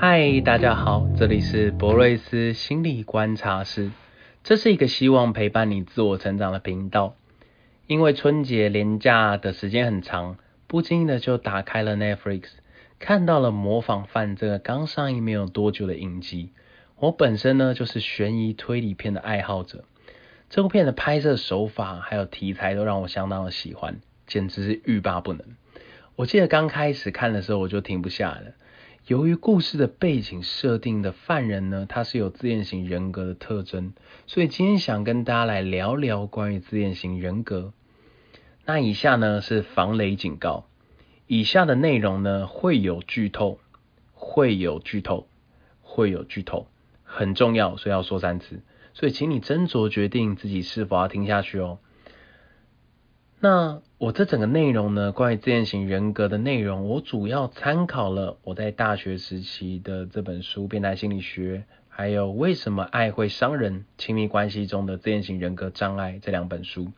嗨，Hi，大家好，這裡是博瑞斯心理觀察室。這是一個希望陪伴你自我成長的頻道。因為春節連假的時間很長，不經意的就打開了 Netflix，看到了《模仿犯》這個剛上映沒有多久的影集。我本身呢就是懸疑推理片的愛好者，這部片的拍攝手法還有題材都讓我相當的喜歡，簡直是欲罷不能。我記得剛開始看的時候我就停不下來了。由於故事的背景設定的犯人呢，他是有自戀型人格的特徵，所以今天想跟大家來聊聊關於自戀型人格。那以下呢是防雷警告，以下的內容呢會有劇透，會有劇透，會有劇透，很重要，所以要說三次，所以請你斟酌決定自己是否要聽下去哦。那我這整個內容呢，關於自戀型人格的內容，我主要參考了我在大學時期的這本書《變態心理學》，還有《為什麼愛會傷人：親密關係中的自戀型人格障礙》這兩本書，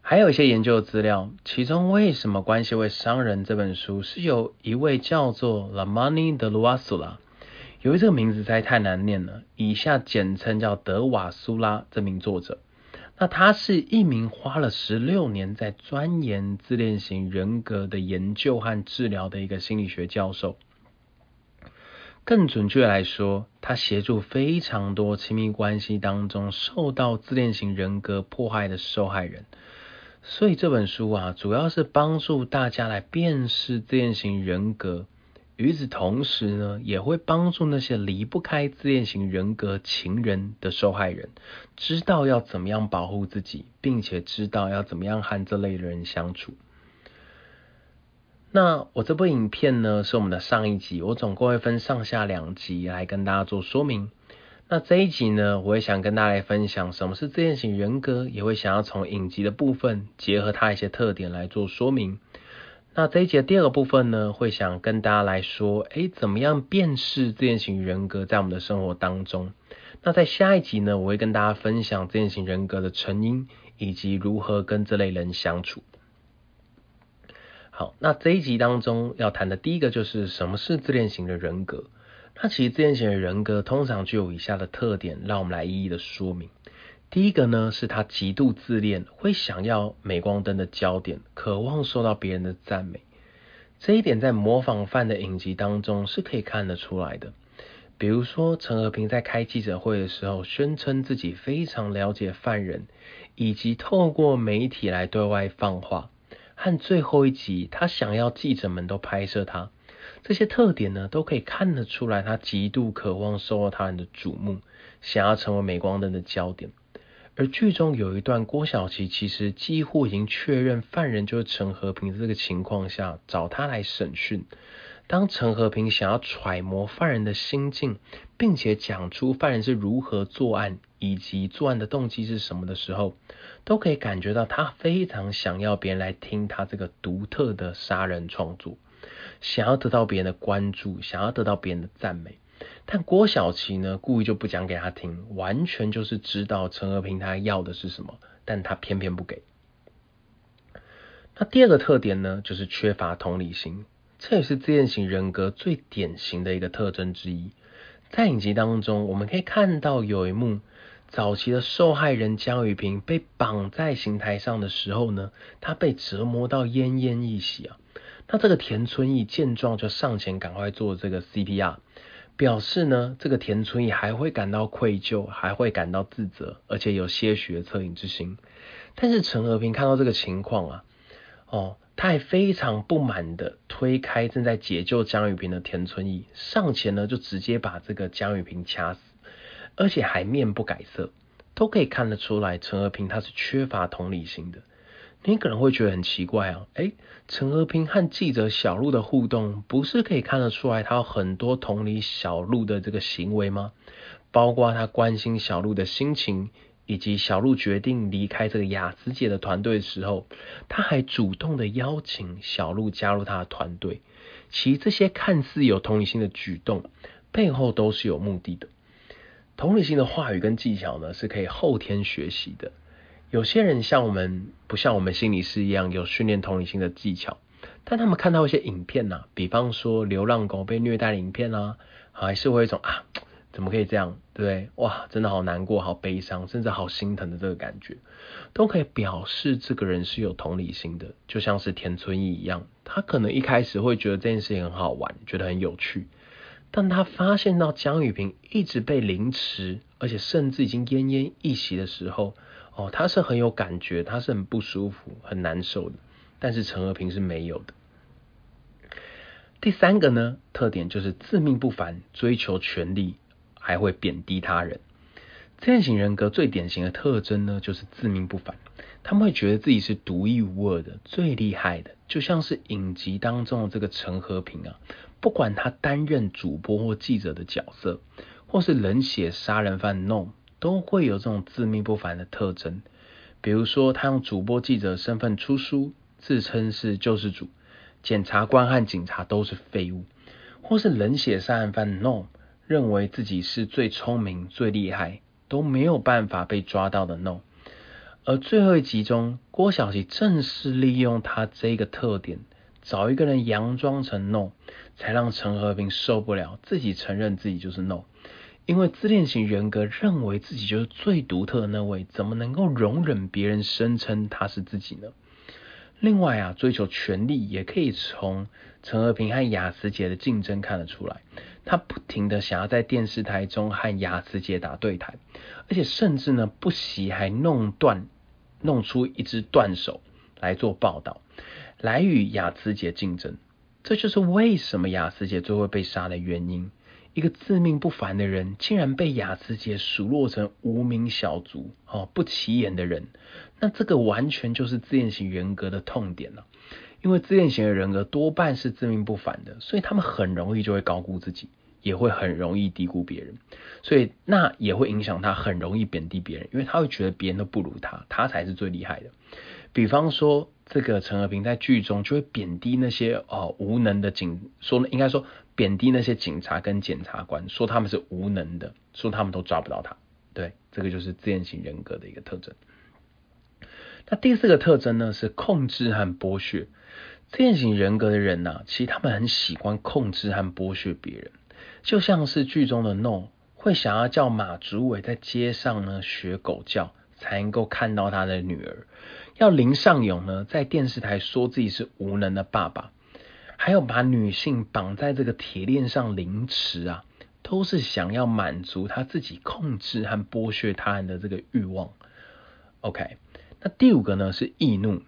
還有一些研究資料。其中《為什麼關係會傷人》這本書是有一位叫做拉瑪尼德盧瓦蘇拉，由於這個名字實在太難念了，以下簡稱叫德瓦蘇拉這名作者。那他是一名花了十六年在鑽研自戀型人格的研究和治療的一個心理學教授。更準確來說，他協助非常多親密關係當中受到自戀型人格迫害的受害人。所以這本書啊，主要是幫助大家來辨識自戀型人格。與此同時呢，也會幫助那些離不開自戀型人格情人的受害人，知道要怎麼樣保護自己，並且知道要怎麼樣和這類的人相處。那我這部影片呢，是我們的上一集，我總共會分上下兩集來跟大家做說明。那這一集呢，我也想跟大家來分享什麼是自戀型人格，也會想要從影集的部分結合它一些特點來做說明。那這一集的第二個部分呢，會想跟大家來說，哎、欸，怎麼樣辨識自戀型人格在我們的生活當中？那在下一集呢，我會跟大家分享自戀型人格的成因以及如何跟這類人相處。好，那這一集當中要談的第一個就是什麼是自戀型的人格？那其實自戀型的人格通常具有以下的特點，讓我們來一一一的說明。第一個呢，是他極度自戀，會想要鎂光燈的焦點，渴望受到別人的讚美。這一點在模仿犯的影集當中是可以看得出來的。比如說，陳和平在開記者會的時候，宣稱自己非常了解犯人，以及透過媒體來對外放話，和最後一集他想要記者們都拍攝他，這些特點呢，都可以看得出來，他極度渴望受到他人的矚目，想要成為鎂光燈的焦點。而劇中有一段，郭曉其其實幾乎已經確認犯人就是陳和平的這個情況下，找他來審訊。當陳和平想要揣摩犯人的心境，並且講出犯人是如何作案以及作案的動機是什麼的時候，都可以感覺到他非常想要別人來聽他這個獨特的殺人創作，想要得到別人的關注，想要得到別人的讚美。但郭曉琪呢，故意就不講給他聽，完全就是知道陳和平他要的是什麼，但他偏偏不給。那第二個特點呢，就是缺乏同理心，這也是自戀型人格最典型的一個特徵之一。在影集當中，我們可以看到有一幕，早期的受害人江雨萍被綁在刑台上的時候呢，她被折磨到奄奄一息啊。那這個田村義見狀就上前趕快做這個 CPR。表示呢，這個田村義還會感到愧疚，還會感到自責，而且有些許的惻隱之心。但是陳和平看到這個情況啊，哦，他還非常不滿的推開正在解救江雨萍的田村義，上前呢就直接把這個江雨萍掐死，而且還面不改色，都可以看得出來，陳和平他是缺乏同理心的。你可能會覺得很奇怪啊，哎，陳和平和記者小鹿的互動，不是可以看得出來他有很多同理小鹿的這個行為嗎？包括他關心小鹿的心情，以及小鹿決定離開這個雅慈姐的團隊的時候，他還主動的邀請小鹿加入他的團隊。其實這些看似有同理心的舉動，背後都是有目的的。同理心的話語跟技巧呢，是可以後天學習的。有些人像我們，不像我們心理師一樣有訓練同理心的技巧，但他們看到一些影片吶、啊，比方說流浪狗被虐待的影片啊還是會有一種啊，怎麼可以這樣，對不對？哇，真的好難過，好悲傷，甚至好心疼的這個感覺，都可以表示這個人是有同理心的，就像是田村義一樣，他可能一開始會覺得這件事情很好玩，覺得很有趣，但他發現到江雨萍一直被凌遲，而且甚至已經奄奄一息的時候。哦，他是很有感覺，他是很不舒服，很難受的。但是陳和平是沒有的。第三個呢，特點就是自命不凡，追求權力，還會貶低他人。自戀型人格最典型的特徵呢，就是自命不凡，他們會覺得自己是獨一無二的、最厲害的。就像是影集當中的這個陳和平啊，不管他擔任主播或記者的角色，或是冷血殺人犯弄，都會有這種自命不凡的特徵，比如說他用主播記者身份出書，自稱是救世主，檢察官和警察都是廢物，或是冷血殺人犯 No，認為自己是最聰明、最厲害，都沒有辦法被抓到的 No。而最後一集中，郭曉琪正是利用他這個特點，找一個人佯裝成 No，才讓陳和平受不了，自己承認自己就是 No。因為自戀型人格認為自己就是最獨特的那位，怎麼能夠容忍別人聲稱他是自己呢？另外啊，追求權力也可以從陳和平和雅慈姐的競爭看得出來，他不停的想要在電視台中和雅慈姐打對台，而且甚至呢不惜還弄斷、弄出一只斷手來做報道，來與雅慈姐競爭。這就是為什麼雅慈姐最後被殺的原因。一個自命不凡的人，竟然被雅思姐數落成無名小卒，哦不起眼的人，那這個完全就是自戀型人格的痛點了啊。因為自戀型的人格多半是自命不凡的，所以他們很容易就會高估自己，也會很容易低估別人，所以那也會影響他很容易貶低別人，因為他會覺得別人都不如他，他才是最厲害的。比方說，這個陳和平在劇中就會貶低那些哦無能的警，說呢應該說。貶低那些警察跟檢察官，說他們是無能的，說他們都抓不到他。對，這個就是自戀型人格的一個特徵。那第四個特徵呢，是控制和剝削。自戀型人格的人呢、啊，其實他們很喜歡控制和剝削別人。就像是劇中的 Noh，會想要叫馬主委在街上呢學狗叫，才能夠看到他的女兒；要林尚勇呢，在電視台說自己是無能的爸爸。還有把女性綁在這個鐵鏈上凌遲啊，都是想要滿足他自己控制和剝削他人的這個慾望。OK，那第五個呢是易怒。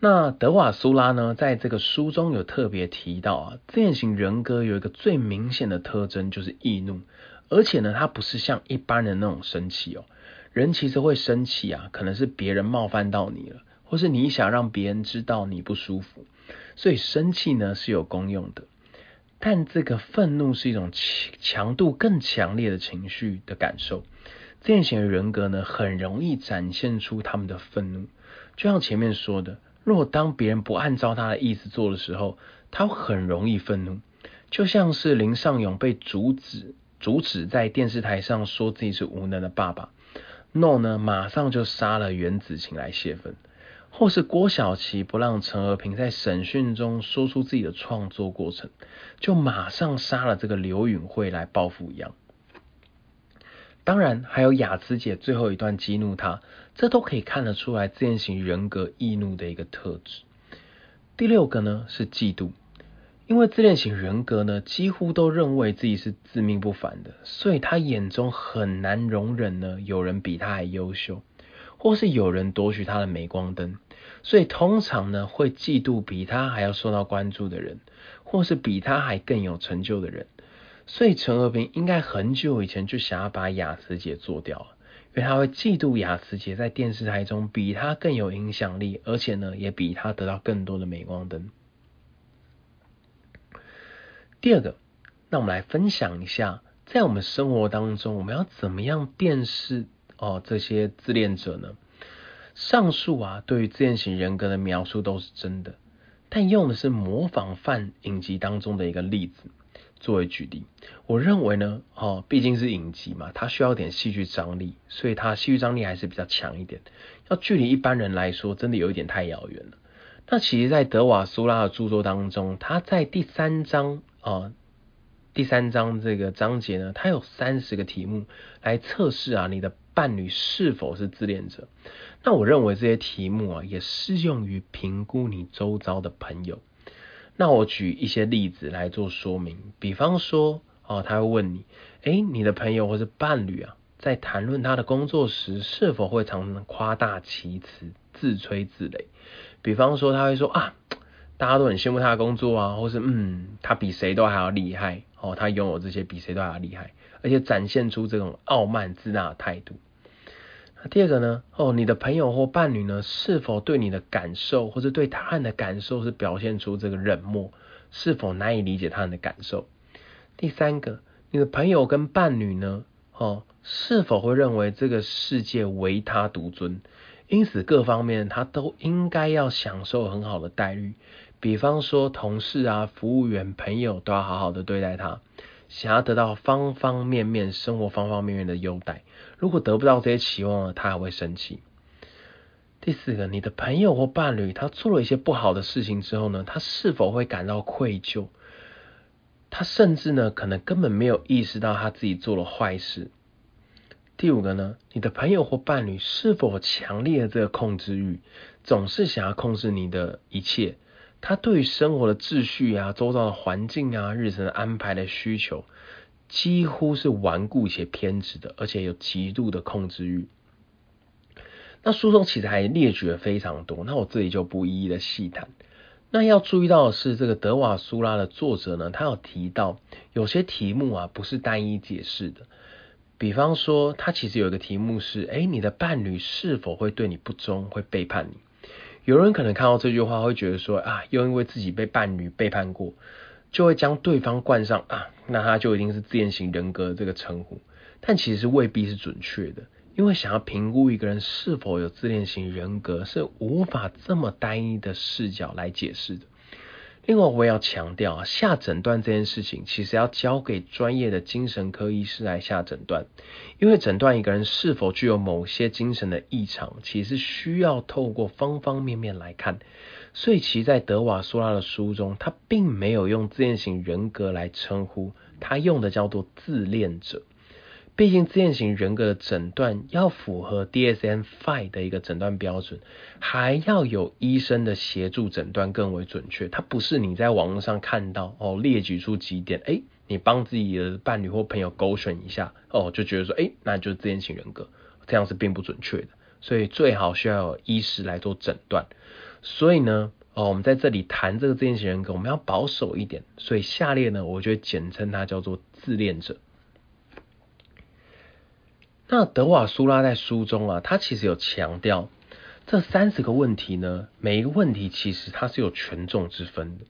那德瓦蘇拉呢在這個書中有特別提到啊，自戀型人格有一個最明顯的特徵就是易怒，而且呢它不是像一般人那種生氣哦，人其實會生氣啊，可能是別人冒犯到你了，或是你想讓別人知道你不舒服。所以生氣呢是有功用的，但這個憤怒是一種強強度更強烈的情緒的感受。這樣型的人格呢，很容易展現出他們的憤怒。就像前面說的，若當別人不按照他的意思做的時候，他很容易憤怒。就像是林尚勇被阻止阻止在電視台上說自己是無能的爸爸，諾、no、呢馬上就殺了袁子晴來洩憤。或是郭曉琪不讓陳和平在審訊中說出自己的創作過程，就馬上殺了這個劉允慧來報復一樣。當然，還有雅慈姐最後一段激怒他，這都可以看得出來自戀型人格易怒的一個特質。第六個呢是嫉妒，因為自戀型人格呢幾乎都認為自己是自命不凡的，所以他眼中很難容忍呢有人比他還優秀。或是有人奪取他的鎂光燈，所以通常呢會嫉妒比他還要受到關注的人，或是比他還更有成就的人。所以陳和平應該很久以前就想要把雅慈姐做掉了，因為他會嫉妒雅慈姐在電視台中比他更有影響力，而且呢也比他得到更多的鎂光燈。第二個，那我們來分享一下，在我們生活當中，我們要怎麼樣辨識。哦，這些自戀者呢？上述啊，對於自戀型人格的描述都是真的，但用的是模仿犯影集當中的一個例子作為舉例。我認為呢，哦，畢竟是影集嘛，它需要點戲劇張力，所以它戲劇張力還是比較強一點。要距離一般人來說，真的有一點太遙遠了。那其實，在德瓦蘇拉的著作當中，他在第三章啊、哦，第三章這個章節呢，它有三十個題目來測試啊，你的。伴侶是否是自戀者？那我認為這些題目啊，也適用於評估你周遭的朋友。那我舉一些例子來做說明。比方說，哦，他會問你，哎、欸，你的朋友或是伴侶啊，在談論他的工作時，是否會常常誇大其詞、自吹自擂？比方說，他會說啊。大家都很羨慕他的工作啊，或是嗯，他比誰都還要厲害哦，他擁有這些比誰都還要厲害，而且展現出這種傲慢自大的態度。那第二個呢？哦，你的朋友或伴侶呢？是否對你的感受，或是對他人的感受是表現出這個冷漠？是否難以理解他人的感受？第三個，你的朋友跟伴侶呢？哦，是否會認為這個世界唯他獨尊，因此各方面他都應該要享受很好的待遇？比方說，同事啊、服務員、朋友都要好好的對待他，想要得到方方面面、生活方方面面的優待。如果得不到這些期望呢？他還會生氣。第四個，你的朋友或伴侶，他做了一些不好的事情之後呢，他是否會感到愧疚？他甚至呢，可能根本沒有意識到他自己做了壞事。第五個呢，你的朋友或伴侶是否強烈的這個控制欲，總是想要控制你的一切？他對於生活的秩序啊、周遭的環境啊、日程安排的需求，幾乎是頑固且偏執的，而且有極度的控制慾。那書中其實還列舉了非常多，那我這裡就不一一的細談。那要注意到的是，這個德瓦蘇拉的作者呢，他有提到有些題目啊不是單一解釋的。比方說，他其實有一個題目是：哎、欸，你的伴侶是否會對你不忠，會背叛你？有人可能看到這句話，會覺得說啊，又因為自己被伴侶背叛過，就會將對方冠上啊，那他就一定是自戀型人格的這個稱呼，但其實未必是準確的，因為想要評估一個人是否有自戀型人格，是無法這麼單一的視角來解釋的。另外，我也要強調啊，下診斷這件事情，其實要交給專業的精神科醫師來下診斷，因為診斷一個人是否具有某些精神的異常，其實需要透過方方面面來看。所以，其實在德瓦蘇拉的書中，他並沒有用自戀型人格來稱呼，他用的叫做自戀者。畢竟自戀型人格的診斷要符合 DSM-5 的一個診斷標準，還要有醫生的協助診斷更為準確。它不是你在網絡上看到哦列舉出幾點，哎、欸，你幫自己的伴侶或朋友勾選一下哦，就覺得說哎、欸、那就是自戀型人格，這樣是並不準確的。所以最好需要有醫師來做診斷。所以呢哦，我們在這裡談這個自戀型人格，我們要保守一點，所以下列呢，我就會簡稱它叫做自戀者。那德瓦蘇拉在書中啊，他其實有強調，這三十個問題呢，每一個問題其實它是有權重之分的。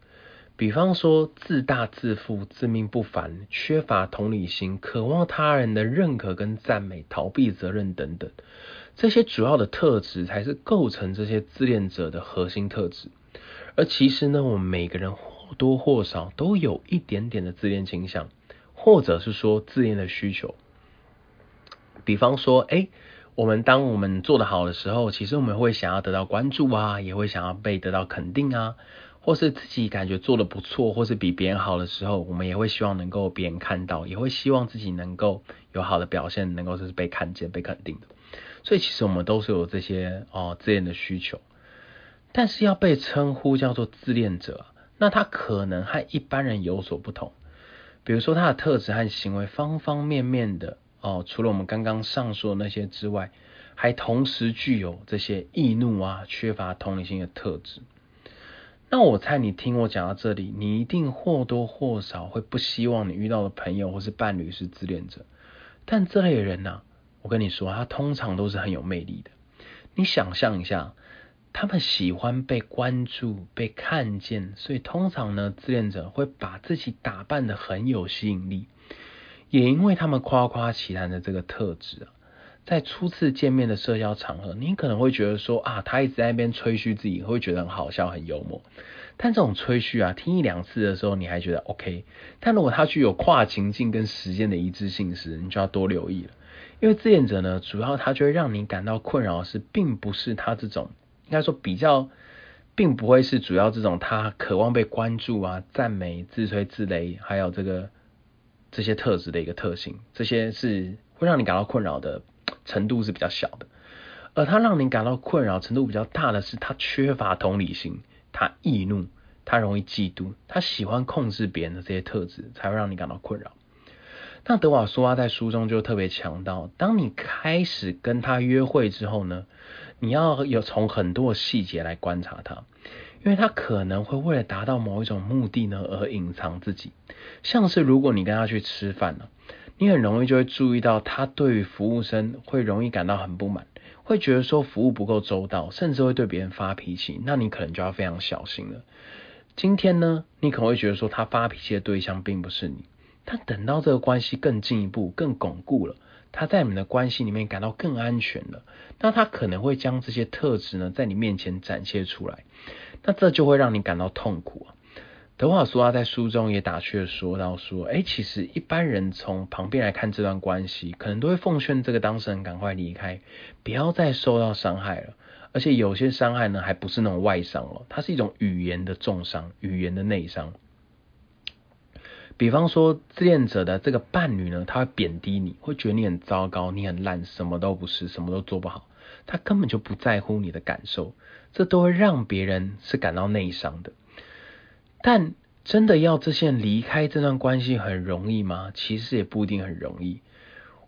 比方說，自大、自負、自命不凡、缺乏同理心、渴望他人的認可跟讚美、逃避責任等等，這些主要的特質才是構成這些自戀者的核心特質。而其實呢，我們每個人或多或少都有一點點的自戀傾向，或者是說自戀的需求。比方說，誒、欸，我們當我們做得好的時候，其實我們會想要得到關注啊，也會想要被得到肯定啊，或是自己感覺做得不錯，或是比別人好的時候，我們也會希望能夠別人看到，也會希望自己能夠有好的表現，能夠就是被看見、被肯定的。所以，其實我們都是有這些哦、呃、自戀的需求，但是要被稱呼叫做自戀者，那他可能和一般人有所不同。比如說他的特質和行為方方面面的。哦，除了我們剛剛上述的那些之外，還同時具有這些易怒啊、缺乏同理心的特質。那我猜你聽我講到這裡，你一定或多或少會不希望你遇到的朋友或是伴侶是自戀者。但這類人呢、啊，我跟你說，他通常都是很有魅力的。你想象一下，他們喜歡被關注、被看見，所以通常呢，自戀者會把自己打扮得很有吸引力。也因為他們誇誇其談的這個特質啊，在初次見面的社交場合，你可能會覺得說啊，他一直在那邊吹噓自己，會覺得很好笑，很幽默。但這種吹噓啊，聽一兩次的時候你還覺得 OK，但如果他具有跨情境跟時間的一致性時，你就要多留意了。因為自戀者呢，主要他就會讓你感到困擾的是，並不是他這種應該說比較，並不會是主要這種他渴望被關注啊、讚美、自吹自擂，還有這個。這些特質的一個特性，這些是會讓你感到困擾的程度是比較小的，而他讓你感到困擾程度比較大的是，他缺乏同理心，他易怒，他容易嫉妒，他喜歡控制別人的這些特質才會讓你感到困擾。那德瓦蘇拉在書中就特別強調，當你開始跟他約會之後呢，你要有從很多細節來觀察他。因為他可能會為了達到某一種目的呢，而隱藏自己。像是如果你跟他去吃飯呢，你很容易就會注意到他對於服務生會容易感到很不滿，會覺得說服務不夠周到，甚至會對別人發脾氣。那你可能就要非常小心了。今天呢，你可能會覺得說他發脾氣的對象並不是你，但等到這個關係更進一步、更鞏固了，他在你們的關係裡面感到更安全了，那他可能會將這些特質呢，在你面前展現出來。那這就會讓你感到痛苦啊。德瓦蘇拉在書中也打趣的說到：說、欸，其實一般人從旁邊來看這段關係，可能都會奉勸這個當事人趕快離開，不要再受到傷害了。而且有些傷害呢，還不是那種外傷了，它是一種語言的重傷，語言的內傷。比方說，自戀者的這個伴侶呢，他會貶低你，會覺得你很糟糕，你很爛，什麼都不是，什麼都做不好，他根本就不在乎你的感受。這都會讓別人是感到內傷的，但真的要這些人離開這段關係很容易嗎？其實也不一定很容易。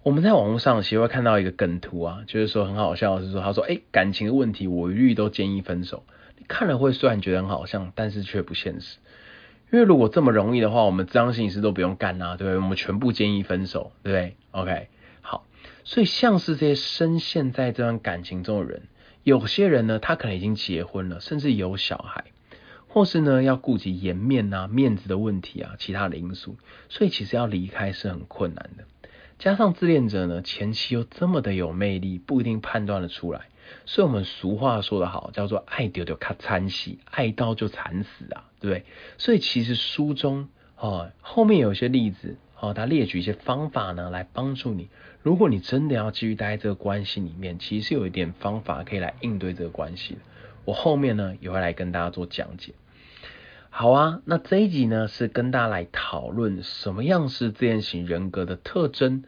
我們在網絡上也會看到一個梗圖啊，就是說很好笑，是說他說：“哎，感情的問題我一律都建議分手。”你看了會雖然覺得很好笑，但是卻不現實。因為如果這麼容易的話，我們這張心理師都不用幹啦、啊，對不對？我們全部建議分手，對不對？OK，好。所以像是這些深陷在這段感情中的人。有些人呢，他可能已經結婚了，甚至有小孩，或是呢要顧及顏面吶、啊、面子的問題啊，其他的因素，所以其實要離開是很困難的。加上自戀者呢，前期又這麼的有魅力，不一定判斷得出來。所以我們俗話說得好，叫做愛丟丟卡慘死，愛到就慘死啊，對不對？所以其實書中啊，後面有一些例子啊，他列舉一些方法呢，來幫助你。如果你真的要繼續待在這個關係裡面，其實有一點方法可以來應對這個關係的。我後面呢也會來跟大家做講解。好啊，那這一集呢是跟大家來討論什麼樣是自戀型人格的特徵，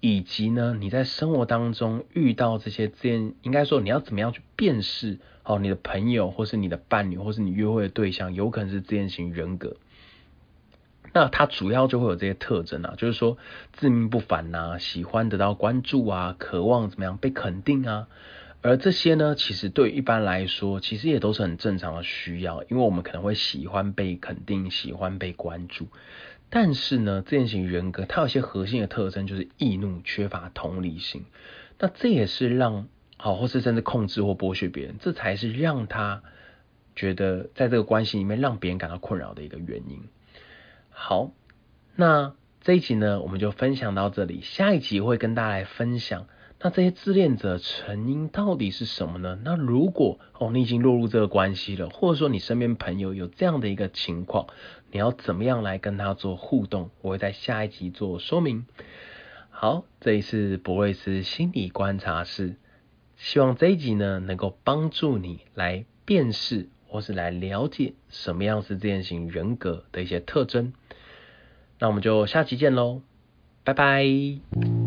以及呢你在生活當中遇到這些自戀，應該說你要怎麼樣去辨識哦，你的朋友或是你的伴侶或是你約會的對象有可能是自戀型人格。那他主要就會有這些特徵啊，就是說自命不凡吶、啊，喜歡得到關注啊，渴望怎麼樣被肯定啊。而這些呢，其實對一般來說，其實也都是很正常的需要，因為我們可能會喜歡被肯定，喜歡被關注。但是呢，自戀型人格它有一些核心的特徵就是易怒、缺乏同理心。那這也是讓好，或是甚至控制或剝削別人，這才是讓他覺得在這個關係裡面讓別人感到困擾的一個原因。好，那這一集呢，我們就分享到這裡。下一集我會跟大家來分享，那這些自戀者成因到底是什麼呢？那如果哦，你已經落入這個關係了，或者說你身邊朋友有這樣的一個情況，你要怎麼樣來跟他做互動？我會在下一集做說明。好，這裡是博瑞斯心理觀察室，希望這一集呢，能夠幫助你來辨識或是來了解什麼樣是自戀型人格的一些特徵。那我們就下期見嘍，拜拜。